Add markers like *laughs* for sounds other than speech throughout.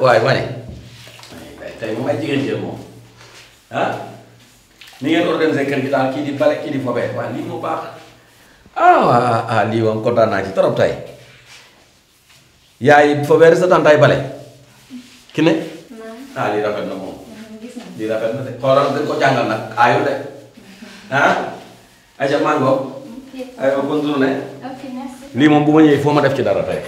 waaye ma ne tey moom ay jigéen jël moom ni ngeen organisé kër kii di bale kii di fobee waaw lii moo baax ah ah lii moom kontaan naa ci trop tey yaay fobee sa bale ki ne ah lii rafet na moom lii rafet na de xoolal dañ ko jàngal nag aayul de ah aja mango aywa bonne journée lii moom bu ma ñëwee foo ma def ci dara tey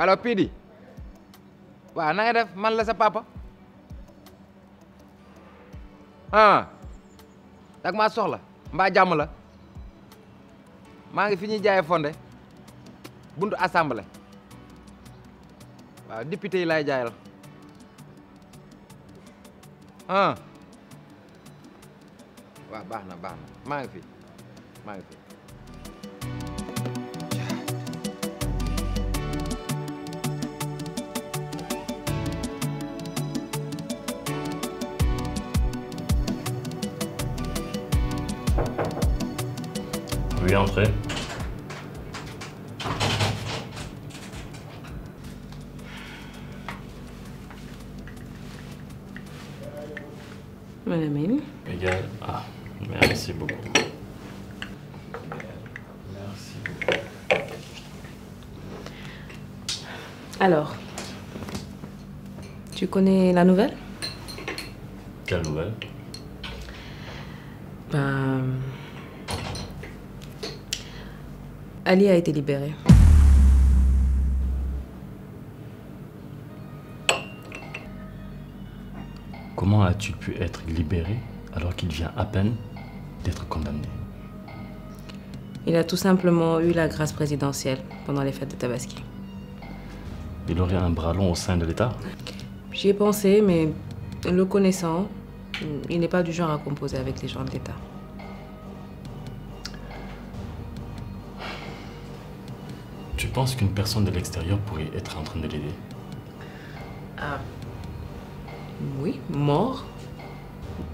alors piidi waaw na nga def man la sa papa ah dag maa soxla mbaa jàmm maa ngi fi ñuy jaayee fonde buntu assemblée waaw député yi laay jaayal ah waaw baax na baax na maa ngi fi maa ngi fi. lui entrer. Madame Amy. Égal Ah, merci beaucoup. Merci beaucoup. Alors, tu connais la nouvelle Quelle nouvelle Ali a été libéré. Comment as-tu pu être libéré alors qu'il vient à peine d'être condamné Il a tout simplement eu la grâce présidentielle pendant les fêtes de Tabaski. Il aurait un bras long au sein de l'État J'y ai pensé, mais le connaissant, il n'est pas du genre à composer avec les gens de l'État. penses qu'une personne de l'extérieur pourrait être en train de l'aider ah. Oui, mort.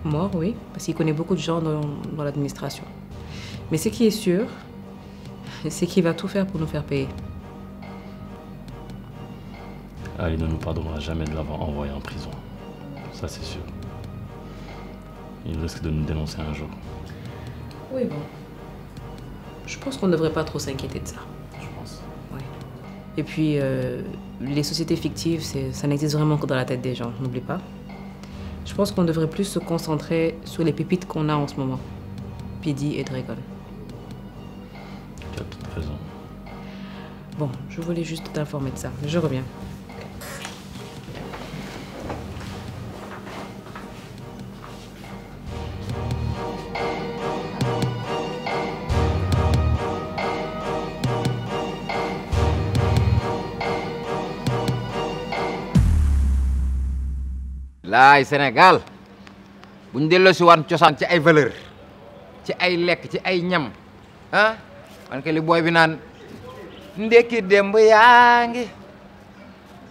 Mort, oui, parce qu'il connaît beaucoup de gens dans, l'administration. Mais ce qui est sûr, c'est qu'il va tout faire pour nous faire payer. Ali ah, ne nous pardonnera jamais de l'avoir envoyé en prison. Ça, c'est sûr. Il risque de nous dénoncer un jour. Oui, bon. Je pense qu'on ne devrait pas trop s'inquiéter de ça. Et puis, euh, les sociétés fictives, ça n'existe vraiment que dans la tête des gens, n'oublie pas. Je pense qu'on devrait plus se concentrer sur les pépites qu'on a en ce moment. Pidi et Dragon. Tu as toute Bon, je voulais juste t'informer de ça. Je reviens. waay Sénégal bu ñu delloo si waan cosaan ci ay valeur ci ay lekk ci ay ñam ah man que li booy bi naan ndekki démb yaa ngi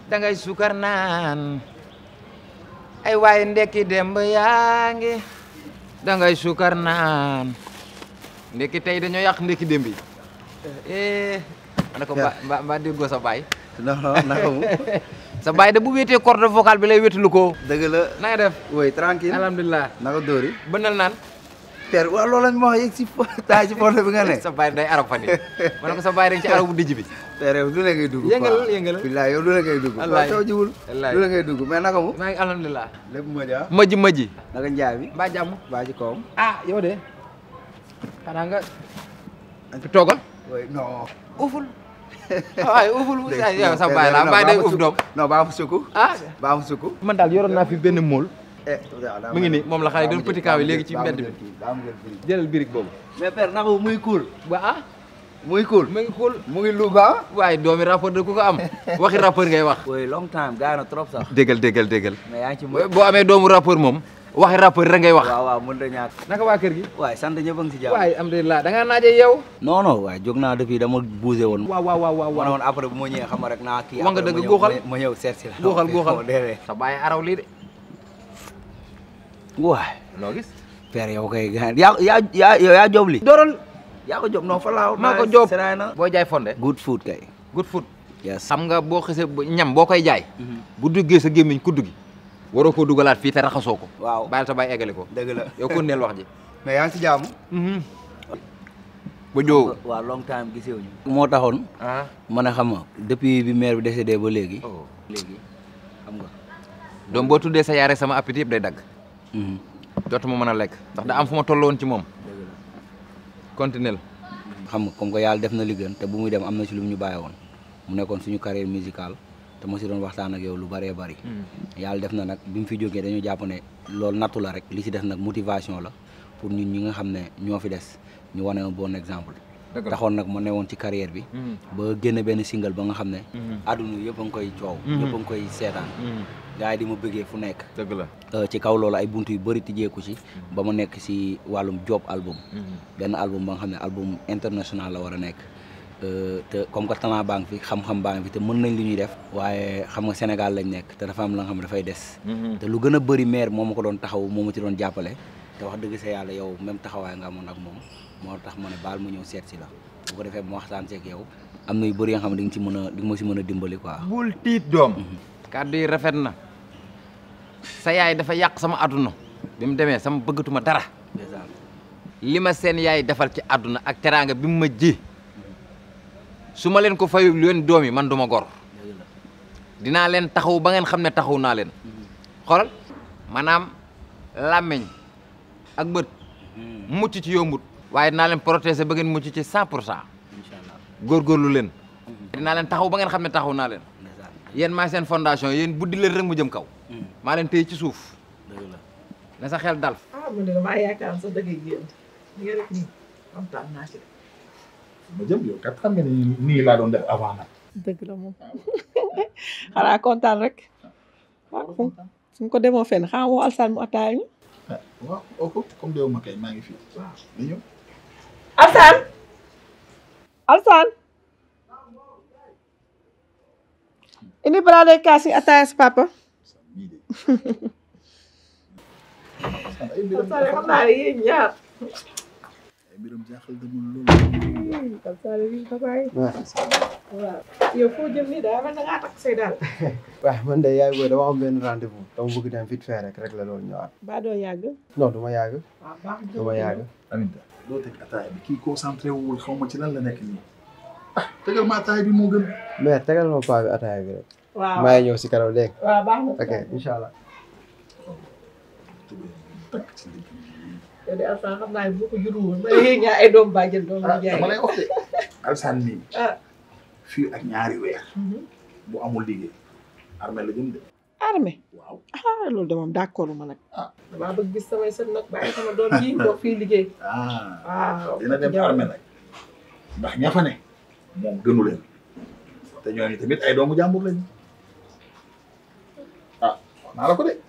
da sukar naan ay waay ndekki démb yaa ngi dangay ngay sukar naan ndekki tey dañoo yàq ndekki démb yi eh, eh, ko mba mba déggoo sa baay *laughs* sa baye da bu wété corde vocale bi lay wéetalu ko. dëgg la nay def. oui tranquille alhamdulilah. nako dóori. bënal nan père wa loolu lañ ma wax yek ci ta ci porte bi nga ne. sa baye day arab fani yi ko sa baye rek ci bu dijj bi. père yow lu la ngay dugg. yengal yengal bilaay yow du la ngay dugg. wallaahi taw jiwul du la ngay dugg mais nako mu. maa ngi lepp lépp ma ja. maji maji. naka njaay bi. mbaa jàmm mbaa ci kom ah yow de paranga nga. toogal. oui non. uful. *laughs* waaye uuful Moussa yow sa eh, baay la baay day uuf doom non baa fa sukku ah baa fa sukku man daal yoroon naa fi benn mool eh, mu ngi ni moom la xale doon petit kaw yi léegi ci mbedd bi jëlal birig boobu mais père naka muy kuul ba ah muy kuul mu ngi mu ngi Louga waaye doomi rappeur da ku ko am waxi rappeur ngay wax *laughs* oui long time gars na trop sax déggal déggal déggal boo amee doomu rappeur moom waxi rappeur rek ngay wax. waaw waaw mën na ñàkk. naka waa kër gi. waay sant ñëpp a ngi si jàmm. waay alhamdulilah da ngaa naaje yow. non non waay jóg naa depuis dama bougé woon. waaw waaw waaw waaw woon après bu ma ñëwee xam rek naa kii. wax nga dëgg góoxal ma ñëw seet si la. góoxal góoxal sa bàyyi araw lii de. waay. loo gis. père yow kay gaa yaa yaa yaa yow yaa joob li. dooral. yaa ko joob non fa laa. maa ko joob boo jaay fonde. good food kay. good food. yes xam nga boo xasee ñam boo koy jaay. Mhm. bu duggee sa gémmiñ ku duggi waroo ko dugalaat fii te raxasoo ko. waaw bàyyi ta bàyyi eggale ko. dëgg la yow kon neel wax ji. *laughs* mais yaa ngi ci jàmm. Mhm. ba ñëw waaw long ah. a xam nga depuis bi maire bi décédé ba oh. léegi. xam nga. donc boo tuddee sa yaare sama appétit yëpp day dagg. Mhm. dootuma mën a lekk ndax daa am fu ma tolloon ci moom. continuel xam nga comme que yàlla def na liggéeyam te bu muy dem am na si lu ñu bàyyi woon mu nekkoon suñu carrière musicale. te ma si doon waxtaan ak yow lu bare bëri. Hmm. yàlla def na nag bi mu fi jógee dañu jàpp ne loolu nattu la rek li si des nag motivation la pour ñun ñi nga xam ne ñoo fi des ñu wane un bon exemple. taxoon nag ma newoon ci carrière bi. Hmm. ba génne benn single ba nga xam ne. adduna hmm. yëpp a ngi koy coow. yëpp a ngi koy seetaan. gars yi di ma bëggee fu nekk. dëgg la euh, ci kaw loolu ay bunt yu bëri tijjeeku ci. ba ma nekk si wàllum job album. benn album ba nga xam ne album international la war nekk. te comme comportement bang, ngi fi xam-xam baa ngi fi te mën nañ li ñuy def waaye xam nga Sénégal lañ nekk te dafa am la nga xam dafay des mhm. te lu gën bëri maire doon taxaw ci doon te wax dëgg sa yàlla yow même taxawaay nga amoon ak moom moo tax ma ne baal mu ñëw seet si la bu ko defee mu waxtaan seeg yow am na bëri xam ci si dimbali quoi bul tiit doom mhm. kàddu yi rafet na sa yaay dafa yàq sama àdduna bi mu sama bëggatuma dara li seen yaay defal ci àdduna ak teraanga bi ma suma len ko fayu len domi man duma gor dina len taxaw ba ngeen xamne taxaw na len xolal manam lamign ak beut mucc ci yomut waye dinaa len protéger ba ngeen mucc ci 100% inshallah gor gor lu len dina len taxaw ba ngeen xamne taxaw na len yeen ma sen fondation yeen buddi leen rek mu jëm kaw ma len tey ci souf na sa xel dal ah man ne ma yaakaar sax da ngay génn li nga def nii kontaan naa ci ma jëm *laughs* kontaan rek. waaw suñ ko demoo woo Alsaan mu attaaya ñu. Ah, waaw oo ko comme deewu ma kay maa ngi fi waaw na ñëw. Alsaan. Alsaan. indi papa. Alsaan xam naa ne ay mbiram jaaxal demul lool. comme eh? takk say daal. waaw *laughs* man de yaay booy dama am rendez-vous dama bëgg dem vite fait rek la loolu ñëwaat. ba doo yàgg. non du ma yàgg. waaw ah, doo teg ataaya bi kii concentré wul xaw ma ci lan la nekk nii. tegal ma ataaya bi moo gën. mais tegal ma paa bi ataaya bi rek. ñëw si kanam léegi. ok incha allah. yow de Alsaan xam boo ko juruwul ma ne ñaa ay doom bàjjen doom bu ah, jaay dama lay wax de Alsaan nii ah. fii ak ñaari weer mhm. bu amul liggéey armée la jëm de armée waaw ah loolu de moom d'accord ma nag ah. damaa bëgg gis samay sët nag bàyyi sama doom ji liggéey waaw dina dem armée nag ndax ña moom gënu leen ñooñu tamit ay doomu jàmbur lañu ah wax naa ko de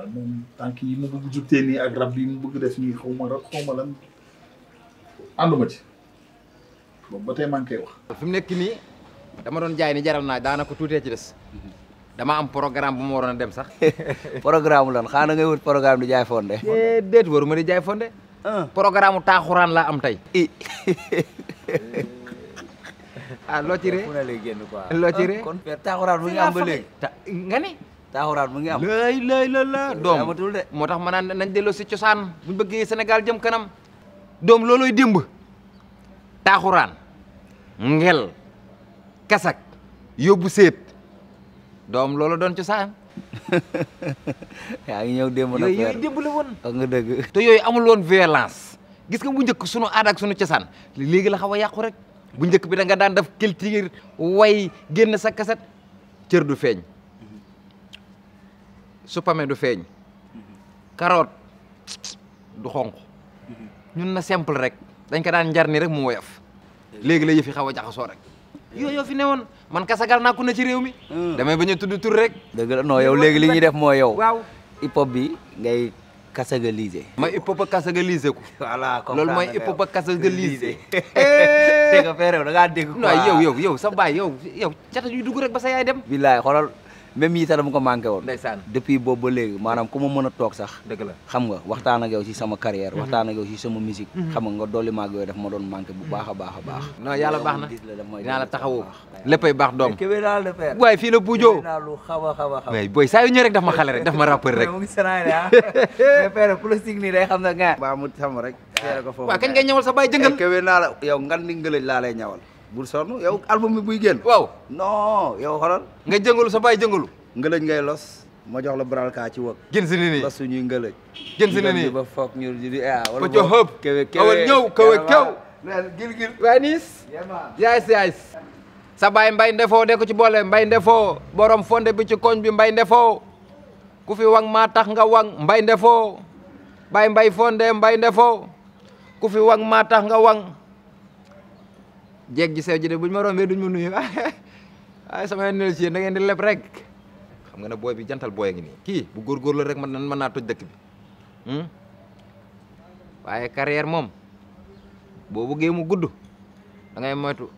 daal moom tànk yi mu bëgg jubtee nii ak rab yi mu bëgg def nii xaw ma rab lan ànduma ci boobu ba tey maa ngi mu nekk nii dama doon jaay ni jaral naa daanaka tuutee ci des. dama am programme bu mu waroon dem sax. *laughs* programme lan xanaa ngay wut programme di jaay fonde. Eh, déet waruma di jaay fonde. Ah. programme mu taaxuraan am tey. *laughs* ah loo ci ree. loo ah, nga ni. taaxuraan mu ngi am lay lay la la doom amatul moo tax ma naan nañ delloo si cosaan bu bëggee senegal jëm kanam doom loolooy dimb taaxuraan ngel kasak yóbbu seet doom loolu doon cosaan *laughs* yaa ñëw démb nag yooyu démb la te yooyu amul woon violence gis nga bu njëkk sunu aada ak sunu cosaan léegi la xaw a yàqu rek bu njëkk bi da nga daan def culture way génn sa kaset cër du feeñ su pame du feeñ carotte du xonq ñun na simple rek dañ ko daan njar ni rek mu woyof léegi la yëfi xaw a jaxasoo rek yooyu fi newoon man kasagal naa ko na ci réew mi ah. damay bañ a tudd tur rek dëgg la non yow léegi li ñuy def mooy yow waaw hip hop bi ngay kasagalisé ma hip hop a kasagalisé ko voilà loolu mooy hip hop a kasagalisé *laughs* dégg nga fee da ngaa dégg non yow yow yow sa baay yow yow cata ñuy ba sa yaay dem billaay même yi sa dama ko manké won ndeysaan depuis boobu légui manam kuma mëna tok sax deug la xam nga waxtaan ak yow ci sama carrière mhm. waxtaan ak yow ci sama musique mhm. xam nga doli dolli maag yooyu daf ma doon manké bu baaxa baaxa baax non yalla baxna na la taxawu leppay baax dom kébé daal de père way fi la buujoo naa lu xaw a xaw a xaw mais yu ñëw rek daf ma xalé rek daf ma rappeur rek *laughs* mo ngi sanaay ah. *laughs* mais père ku ni day xam nga ba mu sama rek féré ko fofu wa kañ nga ñëwal sa bay jëngal eh, kébé naa la yow ngal ni ngeul la lay ñëwal bul sonn yow album bi buy génn. waaw non yow xoolal. nga jëngalu sa baay jëngalu. ngëlëj ngay los ma jox la bral kaa ci wëg. gën si ni nii los suñuy ngëlëj. gën si ni nii ba foog ñu di ah. wala boobu ko ñëw kewe kew. waaye niis. yaay si yaay si. sa baay mbay ndefoo de ko ci boole mbay ndefoo borom fonde bi ci koñ bi mbay ndefoo ku fi wang maa tax nga wang mbay ndefoo bay mbay fonde mbay ndefoo ku fi wang maa tax nga wang. jeeg ji sew ji de buñ ma rombe duñ ma nuyu ay sama yoon ci da ngeen di lepp rek xam nga ne booy bi jantal boy ngi ni ki bu la rek man nan mën naa toj dëkk bi hmm? waaye carrière mom bo bu mu gudd da ngay moytu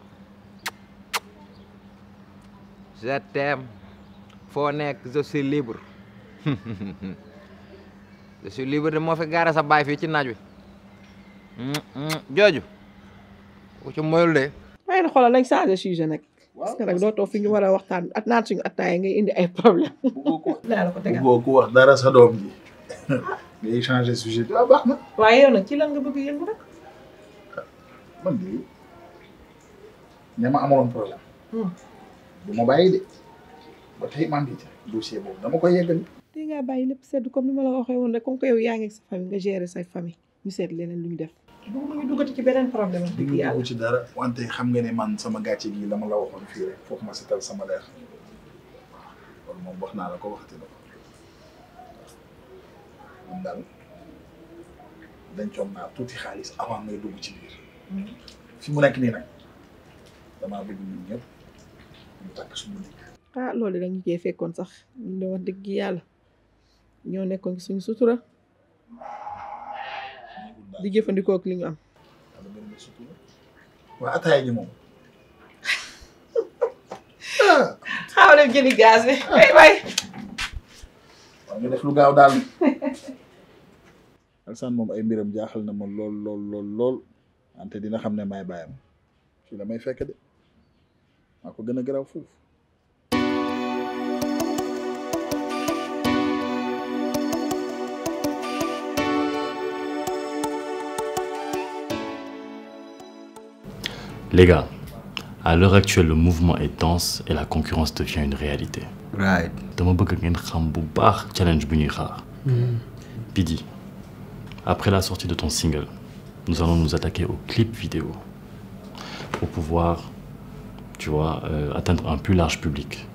je t'aime fo nek je suis libre je suis libre mo fi sa bay fi ci naaj hmm jooju ko ci moyul de ay na xoolal nañ changé sujet nag. parce que nag doo fi ñu war a waxtaan at naat suñu attaaya ngay indi ay problème *laughs* la ko tegal bëggoo ko wax dara sa doom ji *laughs* ngay changé sujet ah, baax na. waaye yow ci lan nga bëgg yëngu rek. man de ña ma amaloon problème. Hmm. du ma bàyyi de ba tey maa ngi koy yeggali. tey ni ma la woon rek yaa ngi sa famille nga gérer sa famille ñu seet leneen lu ñu def. bëgguma ñu duggati ci beneen problème ak dëgg ci dara wante xam nga ne man sama gàcce gi la ma la waxoon fii rek foofu ma setal sama leer kon moom wax naa la ko waxati la ko moom daal dencoon naa xaalis avant ngay dugg ci biir fi mu nekk nii nag damaa bëgg ñun ñëpp ñu takk suñu ndigg ah loolu dañu cee fekkoon sax ñu ne wax dëgg yàlla ñoo nekkoon suñu sutura di jëfandikoo ak li ñu am. waaw ataaya ji moom. Ah. xaw ma dem jëli gaz bi way ah. way. waaw nga def lu gaaw daal. *laughs* Alsaan moom ay mbiram jaaxal na ma lool lool lool lool wante dina xam ne may bàyyam fii la may fekk de maa ko gën a garaaw foofu. Les gars, à l'heure actuelle, le mouvement est dense et la concurrence devient une réalité. Right. challenge mm-hmm. après la sortie de ton single, nous allons nous attaquer au clip vidéo pour pouvoir, tu vois, euh, atteindre un plus large public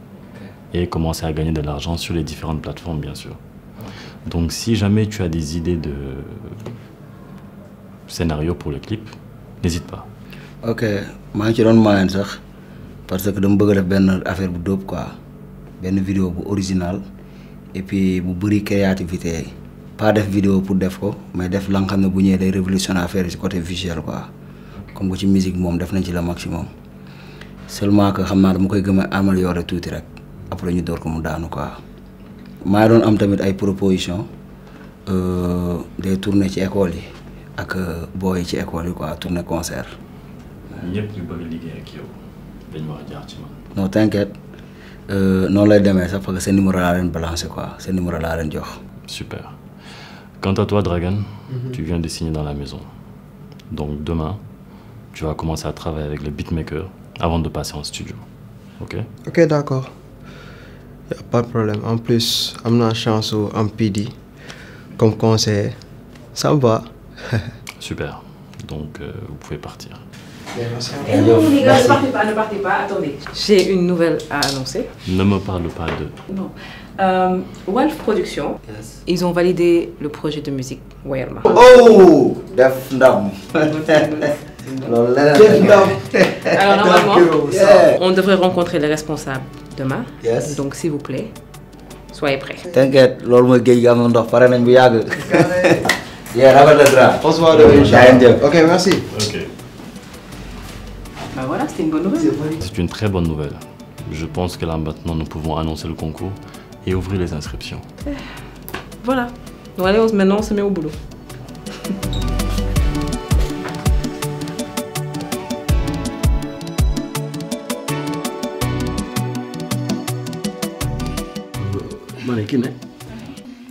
et commencer à gagner de l'argent sur les différentes plateformes, bien sûr. Donc, si jamais tu as des idées de scénario pour le clip, n'hésite pas. ok maa ngi ci doon moyen sax parce que dama bëgg a benn affaire bu dóob quoi benn vidéo bu original et puis bu bëri créativité pas def video pour def ko mais def la xam ne bu ñëwee day révolutionner affaire ci côté visuel quoi comme que ci musique moom def nañ ci la maximum seulement que xam naa dama koy gëm a améliorer tuuti rek après ñu door ko mu daanu quoi. maa ngi doon am tamit ay proposition euh, day tourner ci école yi ak euh, booy ci école yi quoi tourner concert. ñëpp ñu bëgg liggéey ak yow dañu war a jaar ci man. non t'inquiète euh, non lay demee ça parce que c'est numéro de la balance quoi c'est numéro super quant à toi Dragon, mhm. tu viens de signer dans la maison donc demain tu vas commencer à travailler avec le beatmaker avant de passer en studio ok. ok d'accord a pas de problème en plus amener la chance au MPD PD comme conseiller ça me va. *laughs* super donc euh, vous pouvez partir. Et ne partez pas, ne partez pas, attendez. J'ai une nouvelle à annoncer. Ne me parle pas de. Non. Euh, Wolf Productions, yes. ils ont validé le projet de musique Wayama. Oh Def Dam *laughs* Alors normalement, yeah. on devrait rencontrer les responsables demain. Yes. Donc s'il vous plaît, soyez prêts. T'inquiète, l'homme est gay ndox paré nañ bu yag. *laughs* Yeah, rabat le drap. Ok, merci. Ok une bonne nouvelle. C'est une très bonne nouvelle. Je pense que là maintenant nous pouvons annoncer le concours et ouvrir les inscriptions. *sighs* Voilà. Donc maintenant on se met au boulot.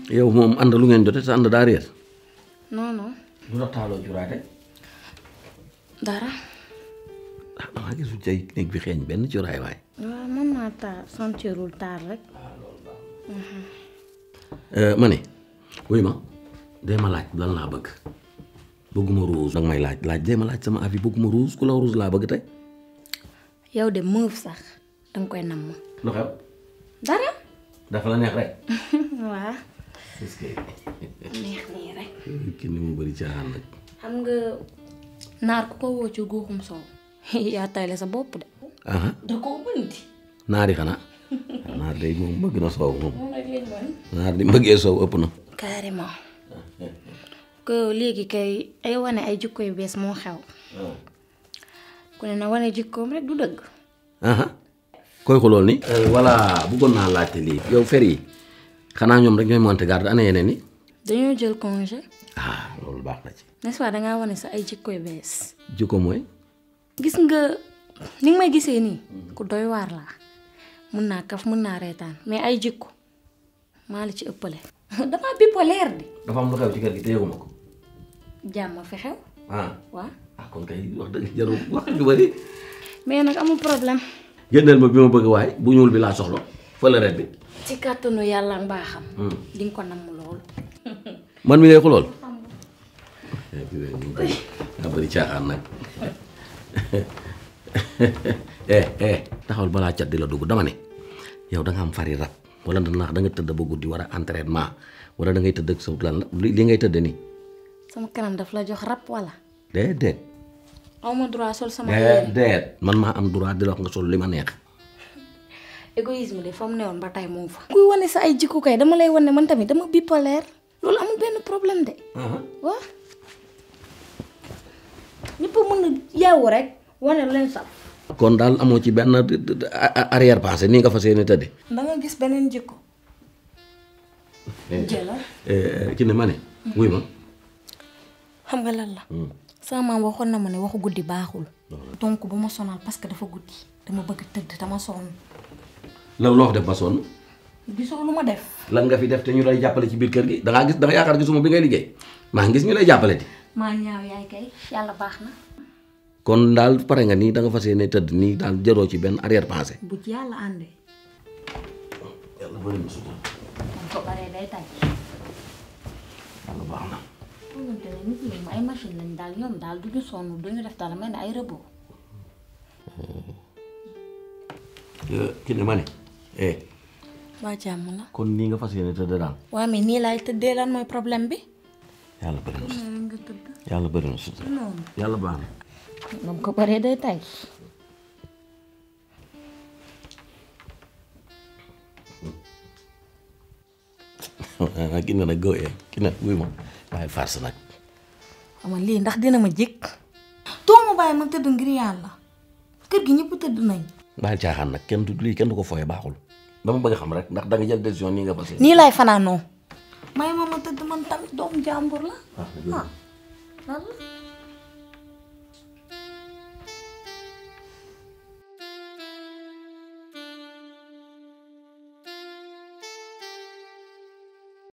Euh, non non. dara. ah damaa gisul tey néeg bi xeeñ benn cuuraay ah, mhm. euh, laaj lan laa bëgg danga koy nam ma. lu xew. dara. dafa la neex rek. *laughs* waaw. neex nii rek. kenn mu bëri caaxaan rek. xam nga naar ku ko woo ci guuxum soow. *laughs* yaa tayle sa bopp de. da koo bënti. naari xanaa. *laughs* naar day moom bëgg na soow moom. naar di bëggee soow ëpp na. carrément. ko léegi kay ay wane ay jikko yu bees moo xew. Ah. ku ne na wane jikkoom rek du dëgg. koy xulool ni. Eh, voilà bëggoon naa laajte lii. yow fer yi xanaa ñoom rek ñooy monté garde ana yeneen yi. dañoo jël congé. ah loolu baax na wane sa ay jikko bees. jikko mooy. gis nga ni nga may gisee ni ku doy war la mën naa kaf mën naa reetaan mais ay jikko maa la ci ëppale *laughs* dama bipolaire di dafa am lu xew ci kër gi te yeguma ko jàmm fi xew ah waa ah, kon kay wax dëgg jaru wax ju bari mais nag amul problème génneel ma bi ma bëgg waaye bu ñuul bi laa soxla fa la bi ci kàttanu yàlla mbaaxam hmm. di nga ko namm lool man mi ngay ko lool eh, nga bëri caaxaan nag *laughs* eh eh taxawal bala chat di la dugg dama ne yow da nga am fari rap wala da naax da nga teud ba di wara entraînement wala da ngay teud ak sawut lan li ngay teud ni sama kanam daf la jox rap wala dede aw ma droit sol sama dede man ma am droit di la wax nga sol lima neex *laughs* égoïsme le fam neewon ba tay mo fa kuy wone sa ay jikko kay dama lay wone man tamit dama bipolaire loolu amul ben problème de wa ñepp mënu yew rek woné leen sa kon dal amo ci ben arrière passé ni nga fassé yéene tëdde. da nga gis benen jikko. Eh, jëla eh, ki ne mané hmm. wuy ma. xam nga lan la. Hmm. sama maam waxoon na mané waxu guddi baxul hmm. donc buma sonal parce que dafa guddi dama bëgg tëdd dama sonn. lan loo def ba son gisoo luma def. lan nga fi def te ñu lay jappalé ci biir kër gi da nga gis da nga yaakar gisuma bi ngay liggéey ma ngi gis ñu lay jappalé di maa yaay kay yàlla baax kon dal paré nga ni da nga fassé né tedd ni dal jëro ci ben arrière passé bu ci yalla andé yalla bari na sudan ko paré day tay yalla baxna na. xamante ne nit ñi ay machine lañ dal ñom dal du ñu sonn du ñu def dal mel ni ay robot. ki ne mané eh ba jamm la. kon ni nga fassé né tedd dal wa mais ni lay tedd lan moy problème bi. yàlla bëri na yàlla bëri na sutura yàlla baax na. moom ko bëree day tay. ah gis na nag góob yeeg gis na wuy ma waaye farce nag. xam lii ndax na ma jëkk. doo ma bàyyi ma tëdd ngir yàlla kër gi ñëpp tëdd nañ. bàyyi caaxaan nag kenn du lii kenn du ko fooyee baaxul dama bëgg xam rek ndax danga jël décision nii nga fas. nii laay fanaanoo. mama mau teman naman dong jambur lah. Ah, Nah. Iya.